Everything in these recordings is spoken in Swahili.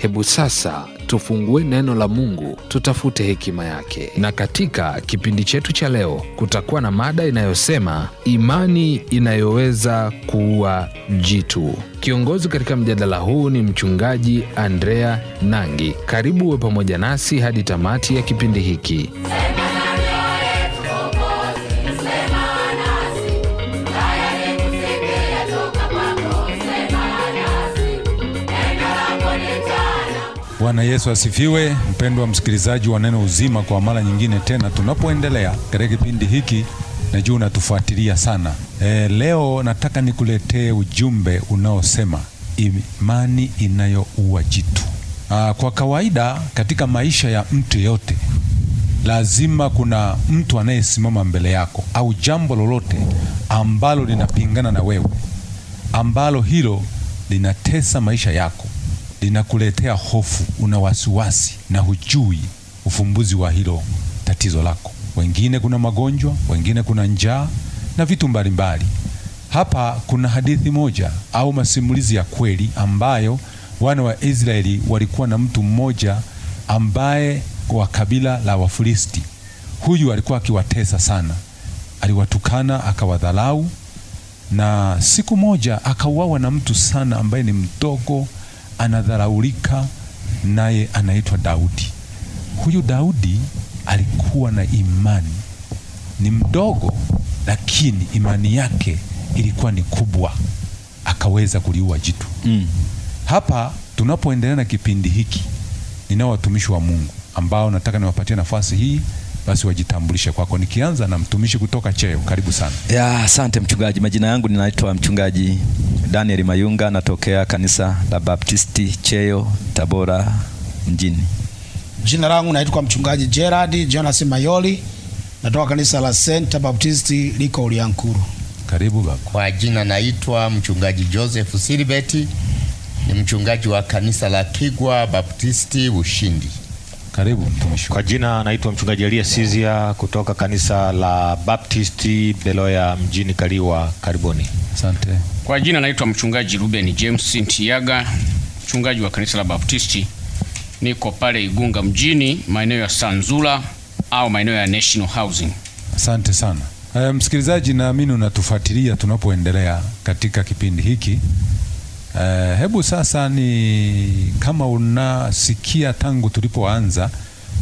Hebu sasa tufungue neno la Mungu, tutafute hekima yake. Na katika kipindi chetu cha leo kutakuwa na mada inayosema imani inayoweza kuua jitu. Kiongozi katika mjadala huu ni mchungaji Andrea Nangi. Karibu uwe pamoja nasi hadi tamati ya kipindi hiki. Bwana Yesu asifiwe. Mpendwa msikilizaji wa Neno Uzima, kwa mara nyingine tena tunapoendelea katika kipindi hiki, najua unatufuatilia sana. E, leo nataka nikuletee ujumbe unaosema imani inayoua jitu. Aa, kwa kawaida katika maisha ya mtu yeyote lazima kuna mtu anayesimama mbele yako au jambo lolote ambalo linapingana na wewe, ambalo hilo linatesa maisha yako linakuletea hofu, una wasiwasi na hujui ufumbuzi wa hilo tatizo lako. Wengine kuna magonjwa, wengine kuna njaa na vitu mbalimbali mbali. Hapa kuna hadithi moja au masimulizi ya kweli ambayo wana wa Israeli walikuwa na mtu mmoja ambaye wa kabila la Wafilisti. Huyu alikuwa akiwatesa sana, aliwatukana akawadhalau, na siku moja akauawa na mtu sana ambaye ni mdogo anadharaulika, naye anaitwa Daudi. Huyu Daudi alikuwa na imani, ni mdogo lakini imani yake ilikuwa ni kubwa, akaweza kuliua jitu mm. Hapa tunapoendelea na kipindi hiki, nina watumishi wa Mungu ambao nataka niwapatie nafasi hii basi wajitambulishe kwako, nikianza na mtumishi kutoka Cheo. Karibu sana. Ya, asante mchungaji. Majina yangu ninaitwa mchungaji Daniel Mayunga natokea kanisa la Baptisti Cheyo Tabora mjini. Jina langu naitwa mchungaji Gerard Jonas Mayoli natoka kanisa la Saint Baptisti liko Uliankuru. Karibu baba. Kwa jina naitwa mchungaji Joseph Silibeti ni mchungaji wa kanisa la Kigwa Baptisti Ushindi. Karibu mtumishi. Kwa jina naitwa mchungaji Elia Sizia kutoka kanisa la Baptisti Beloya mjini Kaliwa. Karibuni. Asante. Kwa jina naitwa mchungaji Ruben James Sintiaga, mchungaji wa kanisa la Baptisti, niko pale Igunga mjini, maeneo ya Sanzula au maeneo ya National Housing. Asante sana. Uh, msikilizaji, naamini unatufuatilia tunapoendelea katika kipindi hiki. Uh, hebu sasa ni kama unasikia tangu tulipoanza,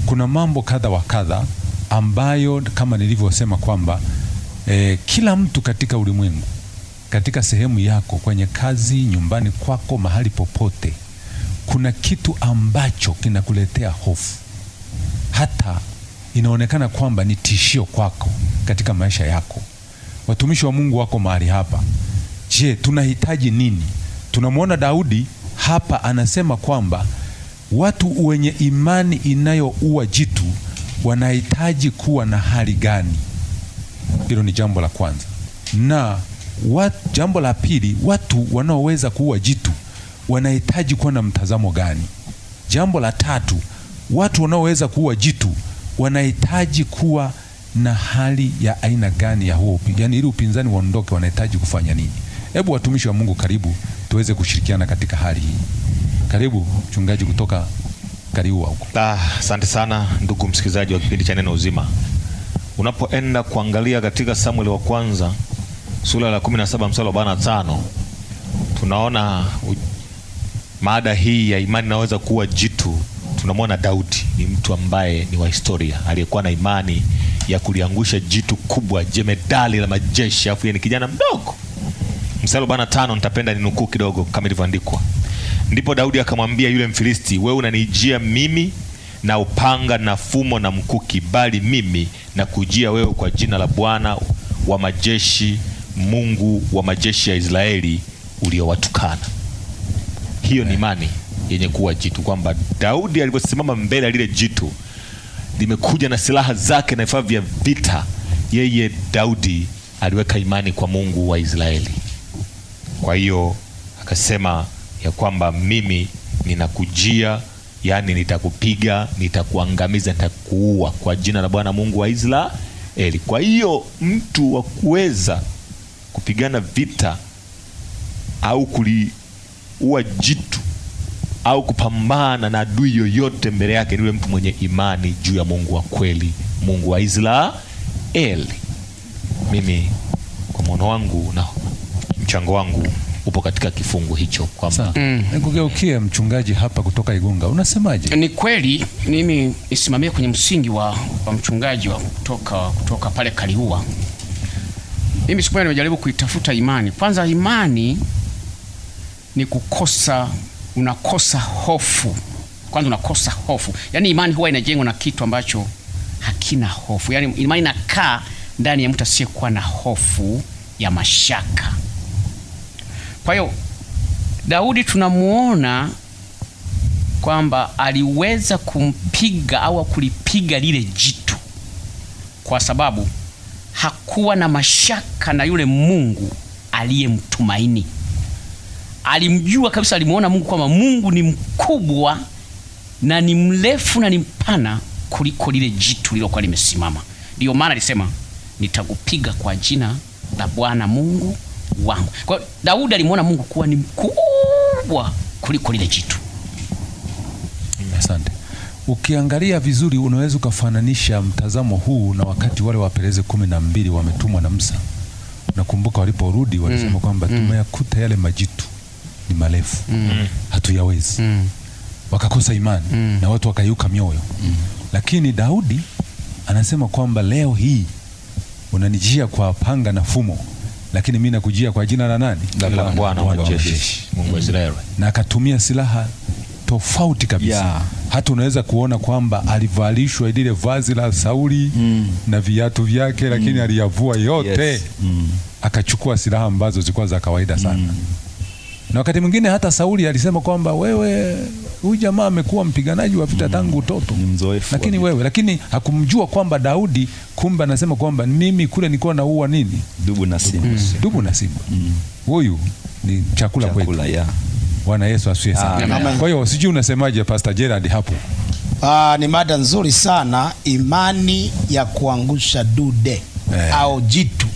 kuna mambo kadha wa kadha ambayo kama nilivyosema kwamba eh, kila mtu katika ulimwengu katika sehemu yako, kwenye kazi, nyumbani kwako, mahali popote, kuna kitu ambacho kinakuletea hofu, hata inaonekana kwamba ni tishio kwako katika maisha yako. Watumishi wa Mungu wako mahali hapa. Je, tunahitaji nini? Tunamwona Daudi hapa anasema kwamba watu wenye imani inayoua jitu wanahitaji kuwa na hali gani? Hilo ni jambo la kwanza na Wat, jambo la pili, watu wanaoweza kuua jitu wanahitaji kuwa na mtazamo gani? Jambo la tatu, watu wanaoweza kuua jitu wanahitaji kuwa na hali ya aina gani ya huo upinzani? Yaani ili upinzani waondoke wanahitaji kufanya nini? Hebu watumishi wa Mungu karibu tuweze kushirikiana katika hali hii. Karibu mchungaji kutoka karibu huko. Ah, asante sana ndugu msikilizaji wa kipindi cha Neno Uzima. Unapoenda kuangalia katika Samueli wa kwanza sura la 17 mstari wa 45 tunaona maada hii ya imani naweza kuwa jitu. Tunamwona Daudi ni mtu ambaye ni wa historia aliyekuwa na imani ya kuliangusha jitu kubwa, jemedali la majeshi, afu yeye ni kijana mdogo. Mstari wa 45 nitapenda ninukuu kidogo kama ilivyoandikwa. Ndipo Daudi akamwambia yule Mfilisti, wewe unanijia mimi na upanga na fumo na mkuki, bali mimi kujia wewe kwa jina la Bwana wa majeshi Mungu wa majeshi ya Israeli uliowatukana. Hiyo ni eh. imani yenye kuwa jitu, kwamba Daudi alivyosimama mbele ya lile jitu limekuja na silaha zake na vifaa vya vita, yeye Daudi aliweka imani kwa Mungu wa Israeli. Kwa hiyo akasema ya kwamba mimi ninakujia, yani nitakupiga, nitakuangamiza, nitakuua kwa jina la Bwana Mungu wa Israeli. Kwa hiyo mtu wa kuweza kupigana vita au kuliua jitu au kupambana na adui yoyote mbele yake ni yule mtu mwenye imani juu ya Mungu wa kweli, Mungu wa Israeli. Mimi kwa mwono wangu na mchango wangu upo katika kifungu hicho kwamba mm. Nikugeukie mchungaji hapa kutoka Igunga, unasemaje? Ni kweli, mimi nisimamie kwenye msingi wa, wa mchungaji wa kutoka, kutoka pale Kaliua mimi siku nimejaribu kuitafuta imani. Kwanza imani ni kukosa, unakosa hofu kwanza, unakosa hofu. Yaani imani huwa inajengwa na kitu ambacho hakina hofu, yaani imani inakaa ndani ya mtu asiyekuwa na hofu ya mashaka. Kwa hiyo Daudi tunamuona kwamba aliweza kumpiga au kulipiga lile jitu kwa sababu hakuwa na mashaka alihangaika na yule Mungu aliyemtumaini. Alimjua kabisa, alimuona Mungu kwamba Mungu ni mkubwa na ni mrefu na ni mpana kuliko lile jitu lilokuwa limesimama. Ndiyo maana alisema nitakupiga kwa jina la Bwana Mungu wangu. Kwa Daudi alimwona Mungu kuwa ni mkubwa kuliko lile jitu. Asante. Ukiangalia vizuri unaweza ukafananisha mtazamo huu na wakati wale wapeleze kumi na mbili wametumwa na Musa nakumbuka waliporudi walisema mm. kwamba mm. tumeyakuta yale majitu ni marefu mm. hatuyawezi mm. wakakosa imani mm. na watu wakayuka mioyo mm. lakini Daudi anasema kwamba leo hii unanijia kwa panga na fumo lakini mimi nakujia kwa jina la nani? La Bwana wa majeshi, Mungu wa mm. Israeli. Na akatumia silaha tofauti kabisa yeah hata unaweza kuona kwamba alivalishwa lile vazi la Sauli mm. na viatu vyake mm. lakini aliyavua yote yes. mm. akachukua silaha ambazo zilikuwa za kawaida mm. sana mm. na wakati mwingine hata Sauli alisema kwamba wewe huyu jamaa amekuwa mpiganaji wa vita mm. tangu utoto, lakini wewe, lakini hakumjua kwamba Daudi kumbe anasema kwamba mimi kule nilikuwa naua nini, dubu na simba, mm. dubu na simba, mm. huyu mm. ni chakula, chakula kwetu Bwana Yesu asifiwe sana. Kwa hiyo sijui unasemaje Pastor Gerard hapo? Ah, ni mada nzuri sana, imani ya kuangusha dude eh, au jitu.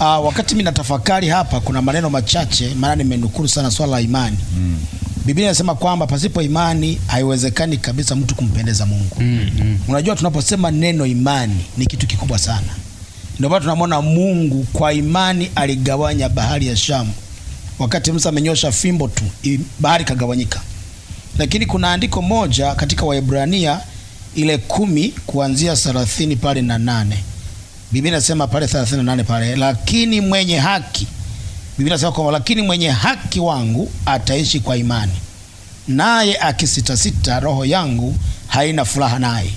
Ah, wakati mimi natafakari hapa kuna maneno machache, maana nimenukuru sana swala la imani mm. Biblia inasema kwamba pasipo imani haiwezekani kabisa mtu kumpendeza Mungu mm, mm. Unajua, tunaposema neno imani ni kitu kikubwa sana, ndio maana tunamwona Mungu kwa imani aligawanya bahari ya Shamu wakati Musa amenyosha fimbo tu, bahari kagawanyika. Lakini kuna andiko moja katika Waebrania ile kumi kuanzia 30 pale na nane, Biblia inasema pale 38 pale, lakini mwenye haki, Biblia inasema kwamba lakini mwenye haki wangu ataishi kwa imani, naye akisitasita, roho yangu haina furaha naye.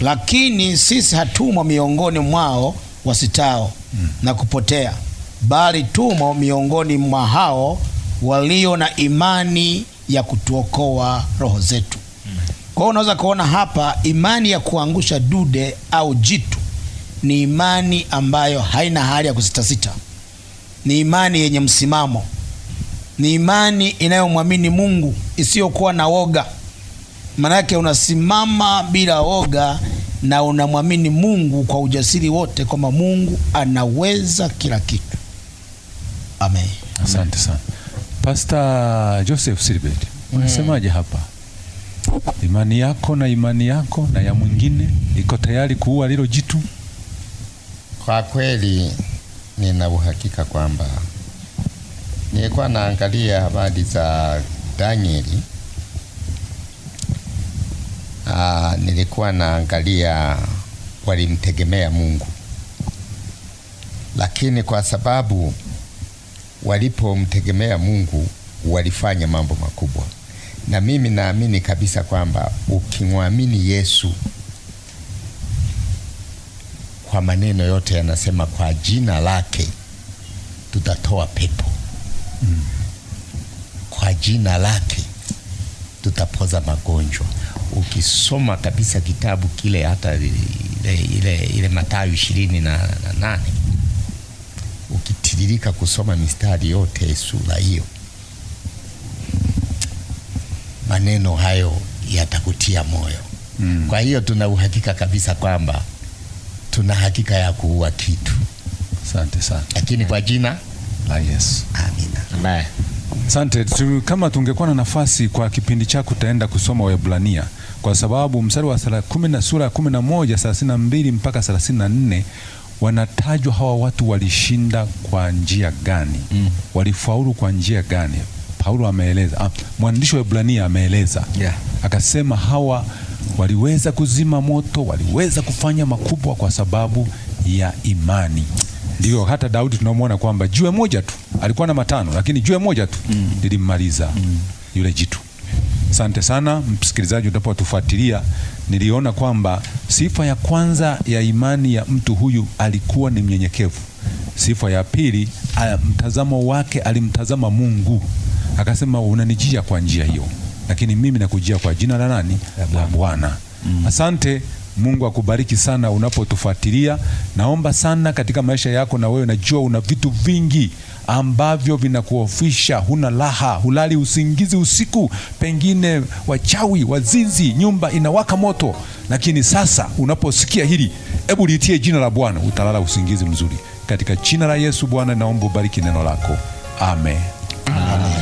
Lakini sisi hatumwa miongoni mwao wasitao hmm, na kupotea bali tumo miongoni mwa hao walio na imani ya kutuokoa roho zetu. Kwa hiyo unaweza kuona hapa imani ya kuangusha dude au jitu ni imani ambayo haina hali ya kusitasita, ni imani yenye msimamo, ni imani inayomwamini Mungu isiyokuwa na woga. yake unasimama bila woga na unamwamini Mungu kwa ujasiri wote kwamba Mungu anaweza kila kitu. Amen. Asante sana Pasta Joseph Silbert, unasemaje mm. hapa? Imani yako na imani yako na ya mwingine iko tayari kuua lilo jitu? Kwa kweli nina uhakika kwamba nilikuwa naangalia habari za Danieli. Aa, ah, nilikuwa naangalia walimtegemea Mungu, lakini kwa sababu walipomtegemea Mungu walifanya mambo makubwa, na mimi naamini kabisa kwamba ukimwamini Yesu kwa maneno yote yanasema, kwa jina lake tutatoa pepo mm. Kwa jina lake tutapoza magonjwa. Ukisoma kabisa kitabu kile hata ile, ile, ile Mathayo ishirini na nane kubadilika kusoma mistari yote sura hiyo, maneno hayo yatakutia moyo mm. Kwa hiyo tuna uhakika kabisa kwamba tuna hakika ya kuua kitu. Asante sana, lakini kwa jina la Yesu, amina. Amen. tu, Kama tungekuwa na nafasi kwa kipindi chako, taenda kusoma Waebrania kwa sababu mstari wa kumi na sura ya kumi na moja thelathini na mbili mpaka thelathini na nne wanatajwa hawa watu walishinda kwa njia gani? mm. walifaulu kwa njia gani? Paulo ameeleza, ah, mwandishi wa Ibrania ameeleza yeah. Akasema hawa waliweza kuzima moto, waliweza kufanya makubwa kwa sababu ya imani. Ndio hata Daudi tunamwona kwamba jiwe moja tu alikuwa na matano, lakini jiwe moja tu mm. lilimmaliza mm. yule jitu. Asante sana msikilizaji, utapotufuatilia niliona kwamba sifa ya kwanza ya imani ya mtu huyu alikuwa ni mnyenyekevu. Sifa ya pili, mtazamo wake, alimtazama Mungu akasema, unanijia kwa njia hiyo, lakini mimi nakujia kwa jina la nani? La Bwana. Mm. Asante. Mungu akubariki sana unapotufuatilia. Naomba sana katika maisha yako, na wewe najua una vitu vingi ambavyo vinakuofisha, huna raha, hulali usingizi usiku, pengine wachawi, wazinzi, nyumba inawaka moto. Lakini sasa unaposikia hili, hebu liitie jina la Bwana, utalala usingizi mzuri katika jina la Yesu. Bwana, naomba ubariki neno lako, amen, amen.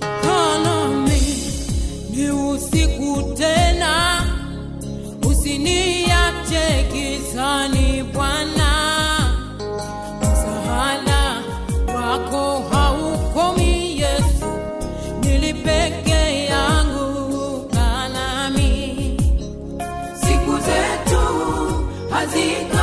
Amigo.